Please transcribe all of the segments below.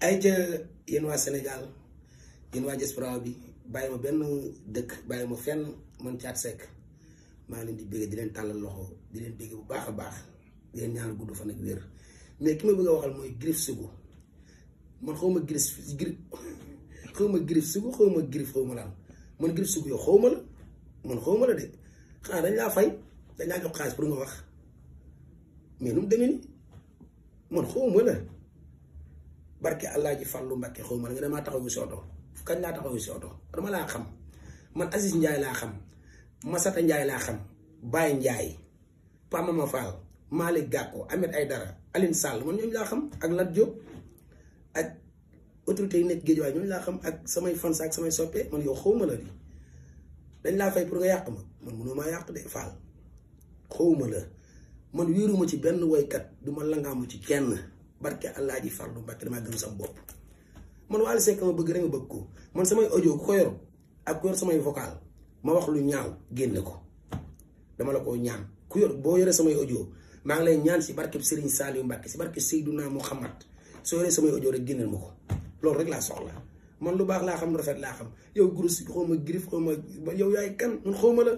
ay ca yéen waa Sénégal yéen waa diaspora bi bàyyi ma benn dëkk bàyyi ma fenn man caat sekk maa leen di bëgg di leen tàllal loxo di leen bëgg bu baax a baax di leen ñaan gudd fan ak wér mais ki ma bëgg a waxal mooy Griff Sougou man xaw ma Griff Griff xaw ma Griff Sougou xaw ma Griff xaw ma laal man Griff Sougou yow xaw ma la man xaw ma la de xanaa dañ laa fay dañ laa jox xaalis pour nga wax mais nu mu demee nii man xaw ma la. barke Alaaji Fàllu Mbàkke xaw ma nga damaa taxawu si oto kañ laa taxawu si oto dama laa xam man Aziz Ndiaye laa xam Masata Ndiaye laa xam Baye Ndiaye Pamama Fall Malick Gakou Ahmed Aïdara Aline Sall man ñooñu laa xam ak Lat Diop autorité yi nekk géej waaye ñooñu laa xam ak samay fans ak samay soppe man yow xaw ma la laa fay yàq ma man mënoo maa yàq de Fall xaw la man wéeruma ci benn woykat du ma langaamu ci kenn. barke allah ji farlu barke damaa gëm sama bopp man Wally Seck ma bëgg rek ma bëgg ko man samay audio ku ko yor ak ku yor samay vocal ma wax lu ñaaw génne ko dama la ko ñaan ku yor boo yoree samay audio maa ngi lay ñaan si barkeb Serigne Saliou Mbacke si barkeb Seydouna Mouhamad soo yoree samay audio rek génneel ma ko loolu rek laa soxla man lu baax laa xam rafet laa xam yow gros xaw ma griffe xaw ma yow yaay kan man xaw ma la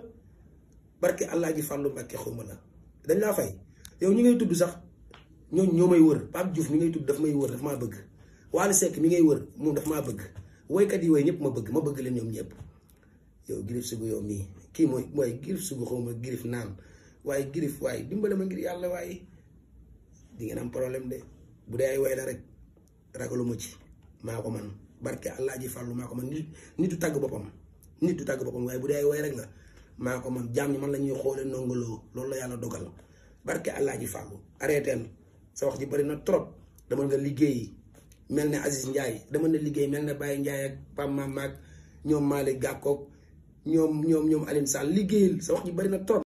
barke allah ji farlu Mbacke xaw ma la dañ laa fay yow ñu ngay tudd sax. ñooñu ñoo may wër Pape Diouf mi ngay tudd daf may wër daf maa bëgg Wally Seck mi ngay wër moom daf maa bëgg woykat yi woy ñëpp ma bëgg ma bëgg leen ñoom ñëpp yow Griff Sougou yow mii kii mooy mooy Griff Sougou xaw ma Griff naan waaye Griff waaye dimbale ma ngir yàlla waaye di ngeen am problème de bu dee ay woy la rek ragaluma ci maa ko man barke allah ji fàllu maa ko man nit nit du tàgg boppam nit du tàgg boppam waaye bu dee ay woy rek la maa ko man jaam man la ñuy xoolee nongoloo loolu la yàlla dogal barke allah ji fàllu sa wax ji bëri na trop dama nga liggéeyi mel ne Aziz Ndiaye dama na liggéey mel ne bàyyi Ndiaye ak Pam Mama ak ñoom Malick Gakou ñoom ñoom ñoom Alioune Sall liggéeyil sa wax ji bëri na trop.